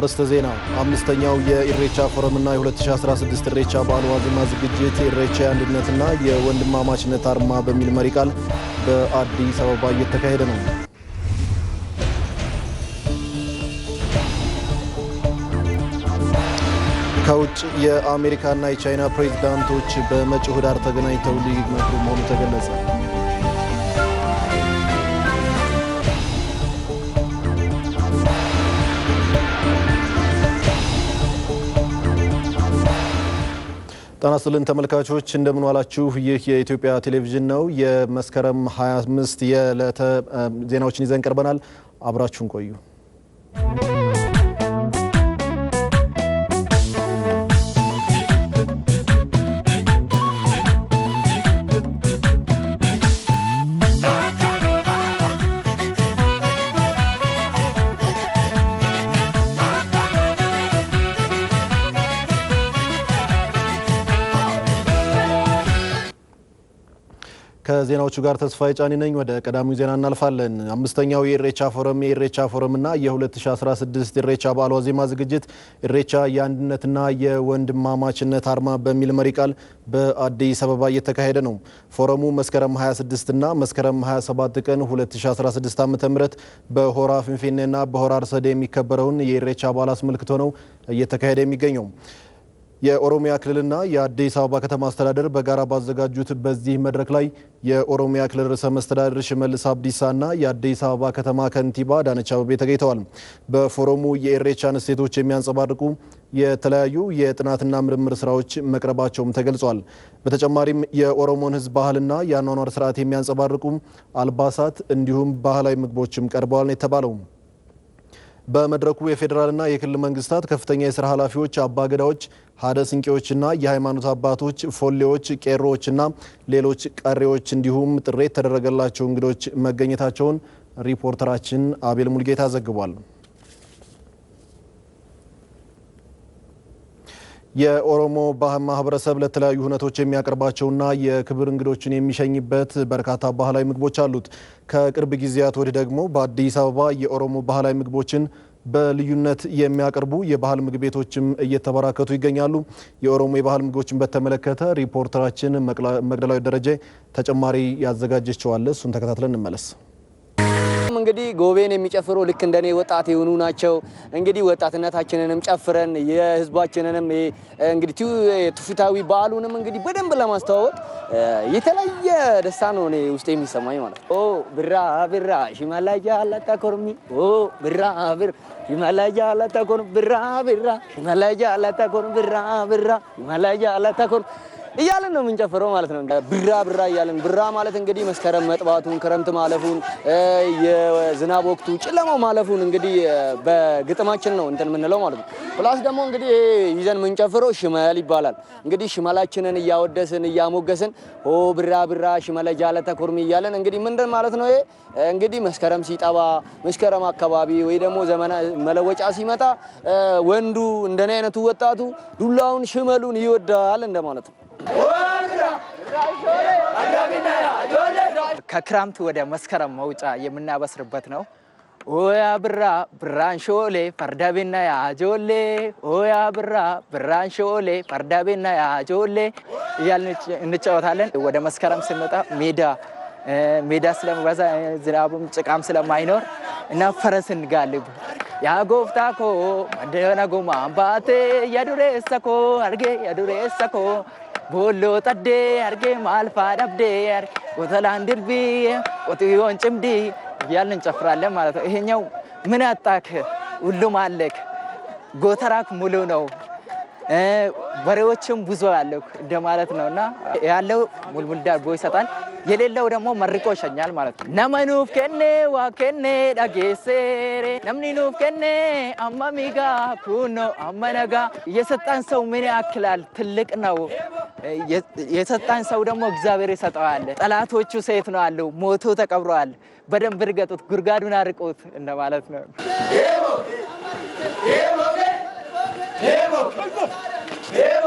አርዕስተ ዜና። አምስተኛው የኢሬቻ ፎረምና የ2016 ኢሬቻ በዓል ዋዜማ ዝግጅት ኢሬቻ የአንድነትና የወንድማማችነት አርማ በሚል መሪ ቃል በአዲስ አበባ እየተካሄደ ነው። ከውጭ የአሜሪካና የቻይና ፕሬዚዳንቶች በመጪው ህዳር ተገናኝተው ሊመክሩ መሆኑ ተገለጸ። ጤና ይስጥልን ተመልካቾች እንደምን ዋላችሁ። ይህ የኢትዮጵያ ቴሌቪዥን ነው። የመስከረም 25 የዕለተ ዜናዎችን ይዘን ቀርበናል። አብራችሁን ቆዩ። ከዜናዎቹ ጋር ተስፋዬ ጫኒ ነኝ። ወደ ቀዳሚው ዜና እናልፋለን። አምስተኛው የኢሬቻ ፎረም የኢሬቻ ፎረምና የ2016 ኢሬቻ በዓል ዋዜማ ዝግጅት ኢሬቻ የአንድነትና የወንድማማችነት አርማ በሚል መሪ ቃል በአዲስ አበባ እየተካሄደ ነው። ፎረሙ መስከረም 26ና መስከረም 27 ቀን 2016 ም በሆራ ፊንፊኔና በሆራ አርሰዴ የሚከበረውን የኢሬቻ በዓል አስመልክቶ ነው እየተካሄደ የሚገኘው። የኦሮሚያ ክልልና የአዲስ አበባ ከተማ አስተዳደር በጋራ ባዘጋጁት በዚህ መድረክ ላይ የኦሮሚያ ክልል ርዕሰ መስተዳድር ሽመልስ አብዲሳና የአዲስ አበባ ከተማ ከንቲባ አዳነች አበቤ ተገኝተዋል። በፎረሙ የኢሬቻን እሴቶች የሚያንጸባርቁ የተለያዩ የጥናትና ምርምር ስራዎች መቅረባቸውም ተገልጿል። በተጨማሪም የኦሮሞን ሕዝብ ባህልና የአኗኗር ስርዓት የሚያንጸባርቁ አልባሳት እንዲሁም ባህላዊ ምግቦችም ቀርበዋል ነው የተባለው። በመድረኩ የፌዴራልና የክልል መንግስታት ከፍተኛ የስራ ኃላፊዎች፣ አባገዳዎች፣ ሀደ ስንቄዎችና የሃይማኖት አባቶች፣ ፎሌዎች፣ ቄሮዎችና ሌሎች ቀሪዎች እንዲሁም ጥሪ የተደረገላቸው እንግዶች መገኘታቸውን ሪፖርተራችን አቤል ሙልጌታ ዘግቧል። የኦሮሞ ማህበረሰብ ለተለያዩ ሁነቶች የሚያቀርባቸውና የክብር እንግዶችን የሚሸኝበት በርካታ ባህላዊ ምግቦች አሉት። ከቅርብ ጊዜያት ወዲህ ደግሞ በአዲስ አበባ የኦሮሞ ባህላዊ ምግቦችን በልዩነት የሚያቀርቡ የባህል ምግብ ቤቶችም እየተበራከቱ ይገኛሉ። የኦሮሞ የባህል ምግቦችን በተመለከተ ሪፖርተራችን መቅደላዊ ደረጀ ተጨማሪ ያዘጋጀችዋለ። እሱን ተከታትለን እንመለስ። እንግዲህ ጎቤን የሚጨፍሩ ልክ እንደኔ ወጣት የሆኑ ናቸው። እንግዲህ ወጣትነታችንንም ጨፍረን የህዝባችንንም እንግዲህ ትውፊታዊ በዓሉንም እንግዲህ በደንብ ለማስተዋወቅ የተለየ ደስታ ነው እኔ ውስጥ የሚሰማኝ ማለት ኦ ብራ ብራ ሽማላጃ ኦ ብራ ብር ሽማላጃ ላታኮር ብራ ብራ ሽማላጃ ላታኮር ብራ ብራ ሽማላጃ ላታኮር እያለን ነው የምንጨፍረው ማለት ነው። ብራ ብራ እያለን ብራ ማለት እንግዲህ መስከረም መጥባቱን ክረምት ማለፉን የዝናብ ወቅቱ ጨለማው ማለፉን እንግዲህ በግጥማችን ነው እንትን የምንለው ማለት ነው። ፕላስ ደግሞ እንግዲህ ይዘን የምንጨፍረው ሽመል ይባላል። እንግዲህ ሽመላችንን እያወደስን እያሞገስን ሆ ብራ ብራ ሽመለ ጃለ ተኩርሚ እያለን እንግዲህ ምንድን ማለት ነው ይሄ እንግዲህ መስከረም ሲጠባ መስከረም አካባቢ ወይ ደግሞ ዘመና መለወጫ ሲመጣ ወንዱ እንደኔ አይነቱ ወጣቱ ዱላውን ሽመሉን ይወዳል እንደማለት ነው። ከክረምት ወደ መስከረም መውጫ የምናበስርበት ነው። ኦያ ብራ ብራን ሾሌ ፈርዳቤና ያጆሌ ኦያ ብራ ብራን ሾሌ ፈርዳቤና ያጆሌ እያልን እንጫወታለን። ወደ መስከረም ስንወጣ ሜዳ ሜዳ ስለሚበዛ ዝናቡም ጭቃም ስለማይኖር እና ፈረስ እንጋልብ ያጎፍታኮ መደነጎማ አምባቴ ያዱሬ ሰኮ አርጌ ያዱሬ ሰኮ booloo xaddee argee maal faa dhabdee argee qotolaan dirbii qotiyoon እያልን እንጨፍራለን ማለት ነው። ይሄኛው ምን አጣክ ሁሉም አለክ ጎተራክ ሙሉ ነው በሬዎችም ብዙ አለክ እንደማለት ነውና ያለው ሙልሙል ዳቦ ይሰጣል። የሌለው ደግሞ መርቆ ይሸኛል ማለት ነው። ነመኑፍ ከኔ ዋከኔ ዳጌሴሬ ነምኒኑፍ ከኔ አማሚጋ ኩኖ አመነጋ የሰጣን ሰው ምን ያክላል ትልቅ ነው። የሰጣን ሰው ደግሞ እግዚአብሔር ይሰጠዋል። ጠላቶቹ ሴት ነው አሉ ሞቶ ተቀብረዋል። በደንብ እርገጡት፣ ጉድጓዱን አርቁት እንደማለት ነው። ሄቦ ሄቦ ሄቦ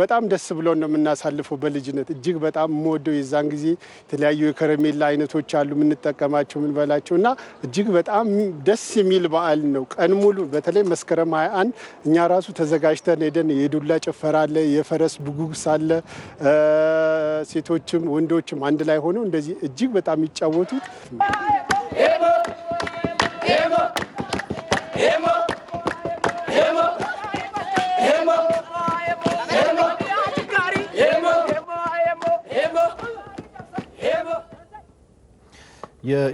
በጣም ደስ ብሎን ነው የምናሳልፈው። በልጅነት እጅግ በጣም የምወደው የዛን ጊዜ የተለያዩ የከረሜላ አይነቶች አሉ የምንጠቀማቸው የምንበላቸው እና እጅግ በጣም ደስ የሚል በዓል ነው። ቀን ሙሉ በተለይ መስከረም 21 እኛ ራሱ ተዘጋጅተን ሄደን የዱላ ጭፈራ አለ፣ የፈረስ ብጉግስ አለ። ሴቶችም ወንዶችም አንድ ላይ ሆነው እንደዚህ እጅግ በጣም ይጫወቱት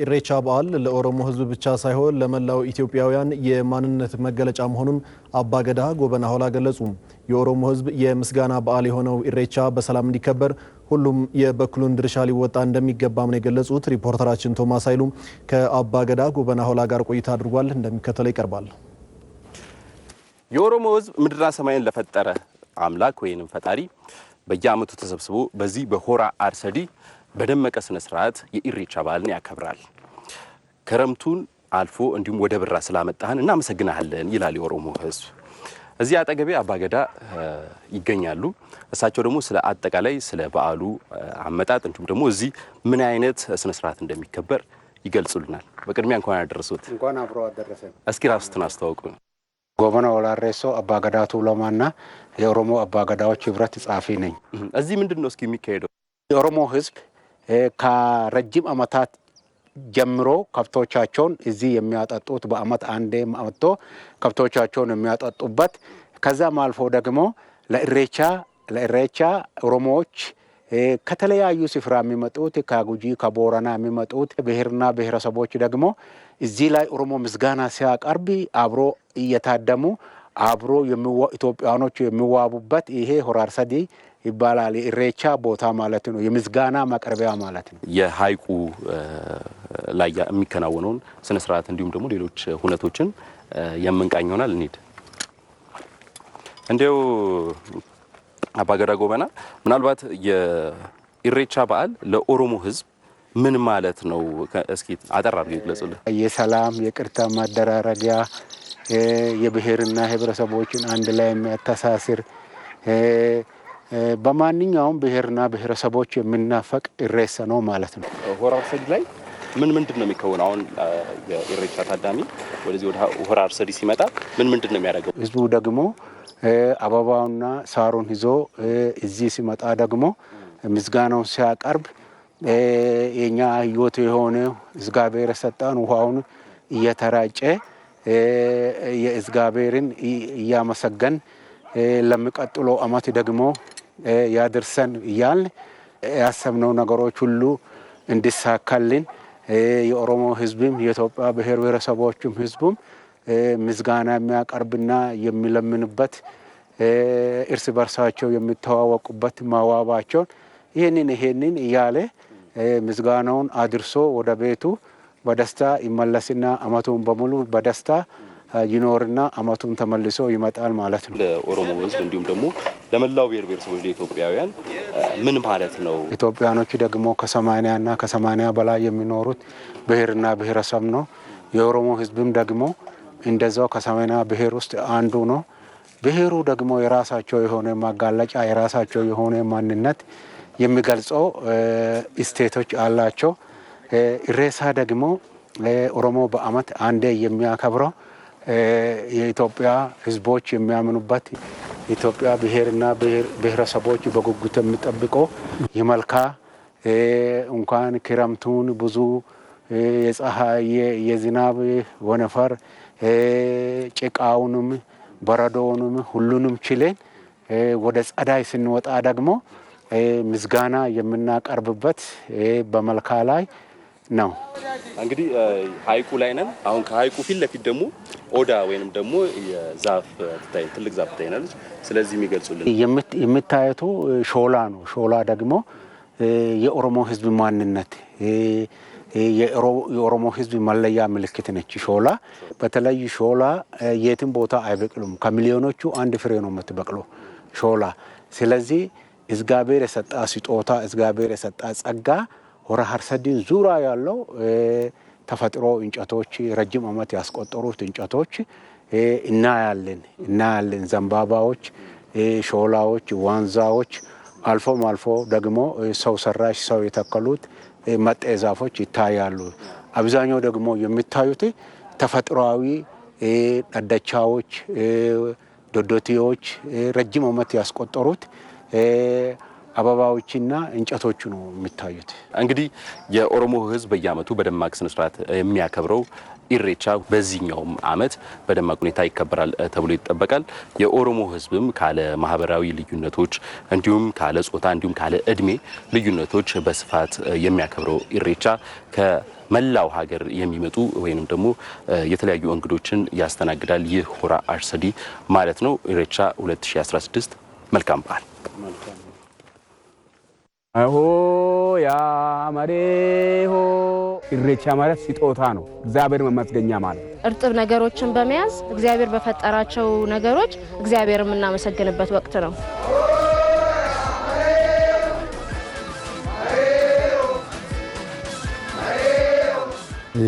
የኢሬቻ በዓል ለኦሮሞ ሕዝብ ብቻ ሳይሆን ለመላው ኢትዮጵያውያን የማንነት መገለጫ መሆኑን አባገዳ ጎበና ሆላ ገለጹ። የኦሮሞ ሕዝብ የምስጋና በዓል የሆነው ኢሬቻ በሰላም እንዲከበር ሁሉም የበኩሉን ድርሻ ሊወጣ እንደሚገባም ነው የገለጹት። ሪፖርተራችን ቶማስ ኃይሉ ከአባገዳ ጎበና ሆላ ጋር ቆይታ አድርጓል። እንደሚከተለው ይቀርባል። የኦሮሞ ሕዝብ ምድርና ሰማይን ለፈጠረ አምላክ ወይንም ፈጣሪ በየአመቱ ተሰብስቦ በዚህ በሆራ አርሰዲ በደመቀ ስነ ስርዓት የኢሬቻ በዓልን ያከብራል። ክረምቱን አልፎ እንዲሁም ወደ ብራ ስላመጣህን እናመሰግናለን ይላል የኦሮሞ ህዝብ እዚህ አጠገቤ አባገዳ ይገኛሉ። እሳቸው ደግሞ ስለ አጠቃላይ ስለ በዓሉ አመጣጥ እንዲሁም ደግሞ እዚህ ምን አይነት ስነ ስርዓት እንደሚከበር ይገልጹልናል። በቅድሚያ እንኳን ያደረሱት እንኳን አብሮ አደረሰን። እስኪ ራስትን አስተዋውቁ። ጎበና ወላሬሶ አባገዳ ቱለማና የኦሮሞ አባገዳዎች ህብረት ጸሐፊ ነኝ። እዚህ ምንድን ነው እስኪ የሚካሄደው የኦሮሞ ህዝብ ከረጅም ዓመታት ጀምሮ ከብቶቻቸውን እዚህ የሚያጠጡት በአመት አንዴ መጥቶ ከብቶቻቸውን የሚያጠጡበት ከዛም አልፎ ደግሞ ለእሬቻ ለእሬቻ ኦሮሞዎች ከተለያዩ ስፍራ የሚመጡት ከጉጂ ከቦረና የሚመጡት ብሔርና ብሔረሰቦች ደግሞ እዚህ ላይ ኦሮሞ ምስጋና ሲያቀርብ አብሮ እየታደሙ አብሮ ኢትዮጵያኖች የሚዋቡበት ይሄ ሆራርሰዲ ይባላል። የኢሬቻ ቦታ ማለት ነው፣ የምስጋና ማቅረቢያ ማለት ነው። የሀይቁ ላይ የሚከናወነውን ስነ ስርዓት እንዲሁም ደግሞ ሌሎች ሁነቶችን የምንቃኝ ይሆናል። እንሂድ። እንዲው አባገዳ ጎበና፣ ምናልባት የኢሬቻ በዓል ለኦሮሞ ህዝብ ምን ማለት ነው? እስኪ አጠር አድርገው ይግለጹልን። የሰላም የቅርታ ማደራረጊያ የብሔርና ህብረተሰቦችን አንድ ላይ የሚያተሳስር በማንኛውም ብሔርና ብሔረሰቦች የሚናፈቅ እሬሳ ነው ማለት ነው። ሆራ አርሰዲ ላይ ምን ምንድን ነው የሚከወነው? አሁን የኢሬቻ ታዳሚ ወደዚህ ወደ ሆራ አርሰዲ ሲመጣ ምን ምንድን ነው የሚያደርገው? ህዝቡ ደግሞ አበባውና ሳሩን ይዞ እዚህ ሲመጣ ደግሞ ምስጋናውን ሲያቀርብ የኛ ህይወት የሆነ እግዚአብሔር የሰጠን ውሃውን እየተራጨ የእግዚአብሔርን እያመሰገን ለሚቀጥለው አመት ደግሞ ያድርሰን እያል ያሰብነው ነገሮች ሁሉ እንዲሳካልን የኦሮሞ ህዝብም የኢትዮጵያ ብሔር ብሔረሰቦችም ህዝቡም ምስጋና የሚያቀርብና የሚለምንበት እርስ በርሳቸው የሚተዋወቁበት ማዋባቸውን ይህንን ይህንን እያለ ምስጋናውን አድርሶ ወደ ቤቱ በደስታ ይመለስና አመቱን በሙሉ በደስታ ይኖርና አመቱን ተመልሶ ይመጣል ማለት ነው። ለኦሮሞ ህዝብ እንዲሁም ደግሞ ለመላው ብሔር ብሔረሰቦች ለኢትዮጵያውያን ምን ማለት ነው? ኢትዮጵያኖቹ ደግሞ እና ከሰማንያ በላይ የሚኖሩት ብሔርና ብሔረሰብ ነው። የኦሮሞ ህዝብም ደግሞ እንደዛው ከሰማንያ ብሔር ውስጥ አንዱ ነው። ብሔሩ ደግሞ የራሳቸው የሆነ ማጋለጫ የራሳቸው የሆነ ማንነት የሚገልጸው ስቴቶች አላቸው። ሬሳ ደግሞ ኦሮሞ በአመት አንዴ የሚያከብረው የኢትዮጵያ ህዝቦች የሚያምኑበት ኢትዮጵያ ብሔርና ብሔረሰቦች በጉጉት የሚጠብቀው የመልካ እንኳን ክረምቱን ብዙ የፀሐይ የዝናብ ወነፈር ጭቃውንም በረዶውንም ሁሉንም ችለን ወደ ጸዳይ ስንወጣ ደግሞ ምስጋና የምናቀርብበት በመልካ ላይ ነው። እንግዲህ ሀይቁ ላይ ነን አሁን። ከሀይቁ ፊት ለፊት ደግሞ ኦዳ ወይንም ደግሞ ዛፍ ትታይ ትልቅ ዛፍ ትታይናለች። ስለዚህ የሚገልጹልን የምታየቱ ሾላ ነው። ሾላ ደግሞ የኦሮሞ ህዝብ ማንነት የኦሮሞ ህዝብ መለያ ምልክት ነች። ሾላ በተለይ ሾላ የትም ቦታ አይበቅሉም። ከሚሊዮኖቹ አንድ ፍሬ ነው የምትበቅሎ ሾላ። ስለዚህ እግዚአብሔር የሰጣ ስጦታ እግዚአብሔር የሰጣ ጸጋ ሆረ ሀርሰዲን ዙሪያ ያለው ተፈጥሮ እንጨቶች ረጅም ዓመት ያስቆጠሩት እንጨቶች እናያለን እናያለን። ዘንባባዎች፣ ሾላዎች፣ ዋንዛዎች አልፎም አልፎ ደግሞ ሰው ሰራሽ ሰው የተከሉት መጤ ዛፎች ይታያሉ። አብዛኛው ደግሞ የሚታዩት ተፈጥሯዊ አዳቻዎች፣ ዶዶቴዎች ረጅም ዓመት ያስቆጠሩት አበባዎችና እንጨቶቹ ነው የሚታዩት። እንግዲህ የኦሮሞ ህዝብ በየአመቱ በደማቅ ስነስርዓት የሚያከብረው ኢሬቻ በዚህኛውም አመት በደማቅ ሁኔታ ይከበራል ተብሎ ይጠበቃል። የኦሮሞ ህዝብም ካለ ማህበራዊ ልዩነቶች እንዲሁም ካለ ጾታ እንዲሁም ካለ እድሜ ልዩነቶች በስፋት የሚያከብረው ኢሬቻ ከመላው ሀገር የሚመጡ ወይንም ደግሞ የተለያዩ እንግዶችን ያስተናግዳል። ይህ ሆራ አርሰዲ ማለት ነው። ኢሬቻ 2016 መልካም በዓል። አሆ ያ መሬሆ ኢሬቻ ማለት ስጦታ ነው፣ እግዚአብሔር መመስገኛ ማለት ነው። እርጥብ ነገሮችን በመያዝ እግዚአብሔር በፈጠራቸው ነገሮች እግዚአብሔር የምናመሰግንበት ወቅት ነው።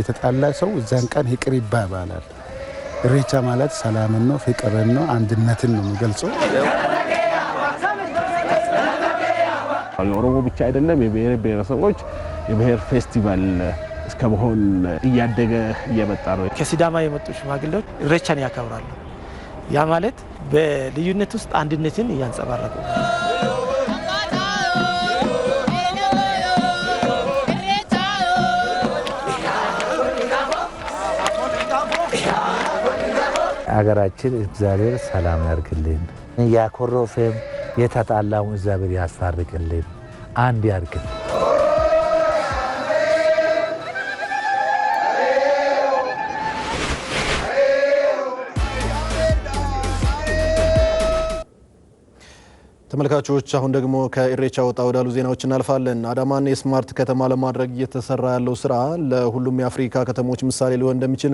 የተጣላ ሰው እዛን ቀን ይቅር ይባባላል። ኢሬቻ ማለት ሰላምን ነው፣ ፍቅርን ነው፣ አንድነትን ነው የሚገልጸው። አሁን ኦሮሞ ብቻ አይደለም፣ የብሔር ብሔረሰቦች የብሔር ፌስቲቫል እስከ መሆን እያደገ እየመጣ ነው። ከሲዳማ የመጡ ሽማግሌዎች እሬቻን ያከብራሉ። ያ ማለት በልዩነት ውስጥ አንድነትን እያንጸባረቁ አገራችን እግዚአብሔር ሰላም ያርግልን። ያኮረፈም የተጣላውን እግዚአብሔር ያስታርቅልን። አንድ ያርግን። ተመልካቾች አሁን ደግሞ ከኢሬቻ ወጣ ወዳሉ ዜናዎች እናልፋለን። አዳማን የስማርት ከተማ ለማድረግ እየተሰራ ያለው ስራ ለሁሉም የአፍሪካ ከተሞች ምሳሌ ሊሆን እንደሚችል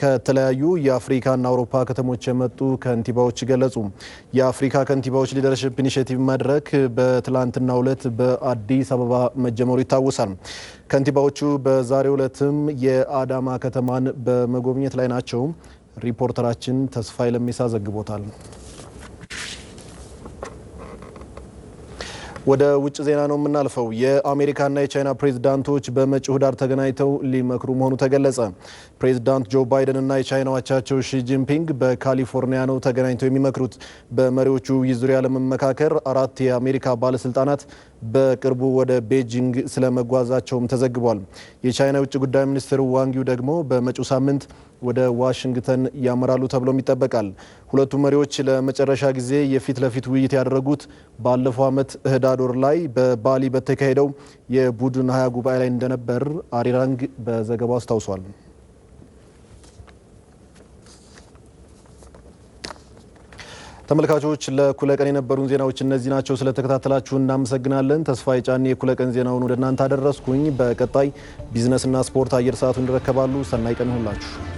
ከተለያዩ የአፍሪካና አውሮፓ ከተሞች የመጡ ከንቲባዎች ገለጹ። የአፍሪካ ከንቲባዎች ሊደርሽፕ ኢኒሽቲቭ መድረክ በትላንትናው ዕለት በአዲስ አበባ መጀመሩ ይታወሳል። ከንቲባዎቹ በዛሬው ዕለትም የአዳማ ከተማን በመጎብኘት ላይ ናቸው። ሪፖርተራችን ተስፋዬ ለሚሳ ዘግቦታል። ወደ ውጭ ዜና ነው የምናልፈው። የአሜሪካና የቻይና ፕሬዝዳንቶች በመጪው ህዳር ተገናኝተው ሊመክሩ መሆኑ ተገለጸ። ፕሬዝዳንት ጆ ባይደን እና የቻይና አቻቸው ሺ ጂንፒንግ በካሊፎርኒያ ነው ተገናኝተው የሚመክሩት። በመሪዎቹ ውይይት ዙሪያ ለመመካከር አራት የአሜሪካ ባለስልጣናት በቅርቡ ወደ ቤጂንግ ስለመጓዛቸውም ተዘግቧል። የቻይና የውጭ ጉዳይ ሚኒስትር ዋንጊው ደግሞ በመጪው ሳምንት ወደ ዋሽንግተን ያመራሉ ተብሎም ይጠበቃል። ሁለቱ መሪዎች ለመጨረሻ ጊዜ የፊት ለፊት ውይይት ያደረጉት ባለፈው ዓመት ህዳዶር ላይ በባሊ በተካሄደው የቡድን ሀያ ጉባኤ ላይ እንደነበር አሪራንግ በዘገባው አስታውሷል። ተመልካቾች ለእኩለቀን የነበሩን ዜናዎች እነዚህ ናቸው። ስለተከታተላችሁ እናመሰግናለን። ተስፋዬ ጫኔ የእኩለቀን ዜናውን ወደ እናንተ አደረስኩኝ። በቀጣይ ቢዝነስና ስፖርት አየር ሰዓቱን ይረከባሉ። ሰናይ ቀን ይሁንላችሁ።